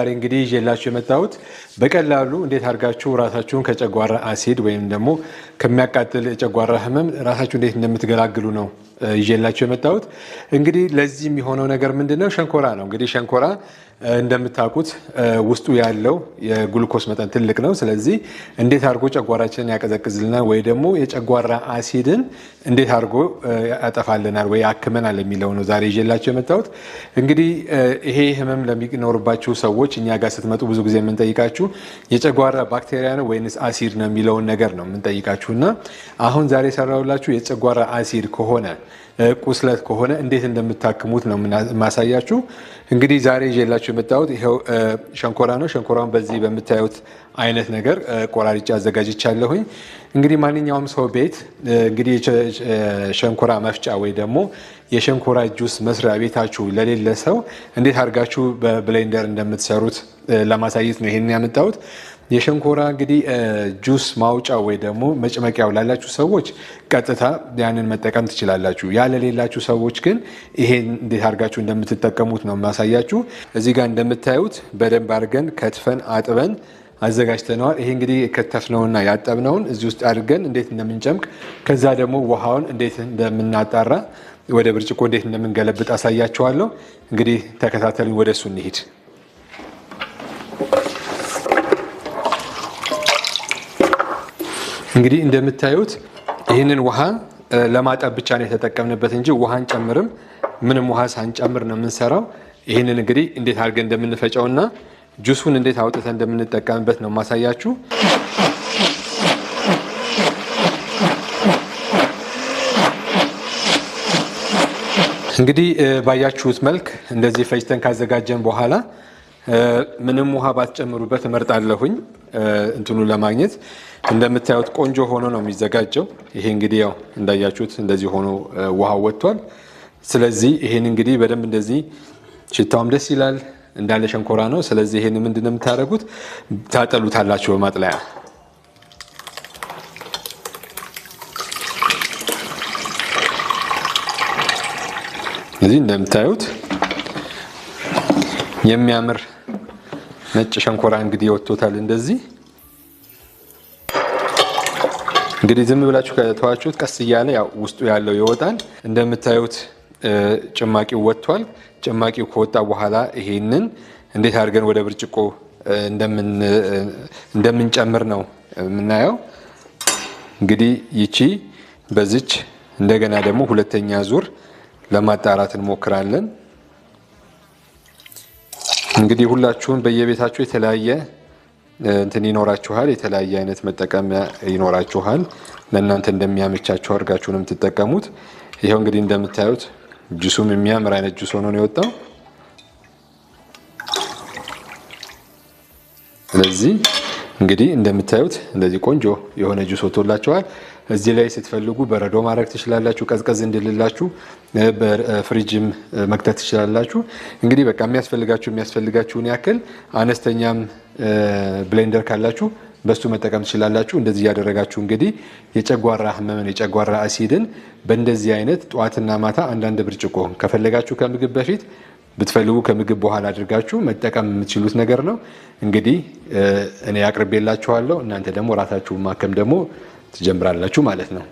ዛሬ እንግዲህ ይዤላችሁ የመጣሁት በቀላሉ እንዴት አድርጋችሁ ራሳችሁን ከጨጓራ አሲድ ወይም ደግሞ ከሚያቃጥል የጨጓራ ህመም ራሳችሁ እንዴት እንደምትገላግሉ ነው ይዤላችሁ የመጣሁት። እንግዲህ ለዚህ የሚሆነው ነገር ምንድን ነው? ሸንኮራ ነው። እንግዲህ ሸንኮራ እንደምታውቁት ውስጡ ያለው የግሉኮስ መጠን ትልቅ ነው። ስለዚህ እንዴት አድርጎ ጨጓራችንን ያቀዘቅዝልናል ወይ ደግሞ የጨጓራ አሲድን እንዴት አድርጎ ያጠፋልናል ወይ ያክመናል የሚለው ነው ዛሬ ይዤላቸው የመጣሁት። እንግዲህ ይሄ ህመም ለሚኖርባችሁ ሰዎች እኛ ጋር ስትመጡ ብዙ ጊዜ የምንጠይቃችሁ የጨጓራ ባክቴሪያ ነው ወይንስ አሲድ ነው የሚለውን ነገር ነው የምንጠይቃችሁ እና አሁን ዛሬ የሰራሁላችሁ የጨጓራ አሲድ ከሆነ ቁስለት ከሆነ እንዴት እንደምታክሙት ነው የማሳያችሁ። እንግዲህ ዛሬ ይዤላችሁ የመጣሁት ይኸው ሸንኮራ ነው። ሸንኮራውን በዚህ በምታዩት አይነት ነገር ቆራርጬ አዘጋጅቻለሁኝ። እንግዲህ ማንኛውም ሰው ቤት እንግዲህ ሸንኮራ መፍጫ ወይ ደግሞ የሸንኮራ ጁስ መስሪያ ቤታችሁ ለሌለ ሰው እንዴት አድርጋችሁ በብሌንደር እንደምትሰሩት ለማሳየት ነው ይሄንን ያመጣሁት። የሸንኮራ እንግዲህ ጁስ ማውጫ ወይ ደግሞ መጭመቂያው ላላችሁ ሰዎች ቀጥታ ያንን መጠቀም ትችላላችሁ። ያለሌላችሁ ሰዎች ግን ይሄን እንዴት አድርጋችሁ እንደምትጠቀሙት ነው የማሳያችሁ። እዚህ ጋር እንደምታዩት በደንብ አድርገን ከትፈን አጥበን አዘጋጅተነዋል። ይሄ እንግዲህ ከተፍነውና ያጠብነውን እዚህ ውስጥ አድርገን እንዴት እንደምንጨምቅ ከዛ ደግሞ ውሃውን እንዴት እንደምናጣራ ወደ ብርጭቆ እንዴት እንደምንገለብጥ አሳያችኋለሁ። እንግዲህ ተከታተሉኝ፣ ወደ እሱ እንሂድ። እንግዲህ እንደምታዩት ይህንን ውሃ ለማጠብ ብቻ ነው የተጠቀምንበት እንጂ ውሃ አንጨምርም። ምንም ውሃ ሳንጨምር ነው የምንሰራው። ይህንን እንግዲህ እንዴት አድርገን እንደምንፈጨው እና ጁሱን እንዴት አውጥተን እንደምንጠቀምበት ነው ማሳያችሁ። እንግዲህ ባያችሁት መልክ እንደዚህ ፈጭተን ካዘጋጀን በኋላ ምንም ውሃ ባትጨምሩበት እመርጣለሁኝ። እንትኑ ለማግኘት እንደምታዩት ቆንጆ ሆኖ ነው የሚዘጋጀው። ይሄ እንግዲህ ያው እንዳያችሁት እንደዚህ ሆኖ ውሃ ወጥቷል። ስለዚህ ይሄን እንግዲህ በደንብ እንደዚህ ሽታውም ደስ ይላል፣ እንዳለ ሸንኮራ ነው። ስለዚህ ይሄን ምንድን የምታደረጉት ታጠሉታላችሁ በማጥለያ እዚህ እንደምታዩት የሚያምር ነጭ ሸንኮራ እንግዲህ ወጥቶታል። እንደዚህ እንግዲህ ዝም ብላችሁ ከተዋችሁት ቀስ እያለ ያው ውስጡ ያለው ይወጣል። እንደምታዩት ጭማቂው ወጥቷል። ጭማቂው ከወጣ በኋላ ይሄንን እንዴት አድርገን ወደ ብርጭቆ እንደምንጨምር ነው የምናየው። እንግዲህ ይቺ በዚች እንደገና ደግሞ ሁለተኛ ዙር ለማጣራት እንሞክራለን። እንግዲህ ሁላችሁም በየቤታችሁ የተለያየ እንትን ይኖራችኋል፣ የተለያየ አይነት መጠቀሚያ ይኖራችኋል። ለእናንተ እንደሚያመቻችሁ አድርጋችሁ ነው የምትጠቀሙት። ይኸው እንግዲህ እንደምታዩት ጁሱም የሚያምር አይነት ጁስ ሆኖ ነው የወጣው። ስለዚህ እንግዲህ እንደምታዩት እንደዚህ ቆንጆ የሆነ ጁስ ወቶላቸዋል። እዚህ ላይ ስትፈልጉ በረዶ ማድረግ ትችላላችሁ፣ ቀዝቀዝ እንድልላችሁ በፍሪጅም መክተት ትችላላችሁ። እንግዲህ በቃ የሚያስፈልጋችሁ የሚያስፈልጋችሁን ያክል አነስተኛም ብሌንደር ካላችሁ በሱ መጠቀም ትችላላችሁ። እንደዚህ እያደረጋችሁ እንግዲህ የጨጓራ ህመምን የጨጓራ አሲድን በእንደዚህ አይነት ጠዋትና ማታ አንዳንድ ብርጭቆ ከፈለጋችሁ ከምግብ በፊት ብትፈልጉ ከምግብ በኋላ አድርጋችሁ መጠቀም የምትችሉት ነገር ነው። እንግዲህ እኔ አቅርቤላችኋለሁ። እናንተ ደግሞ ራሳችሁ ማከም ደግሞ ትጀምራላችሁ ማለት ነው።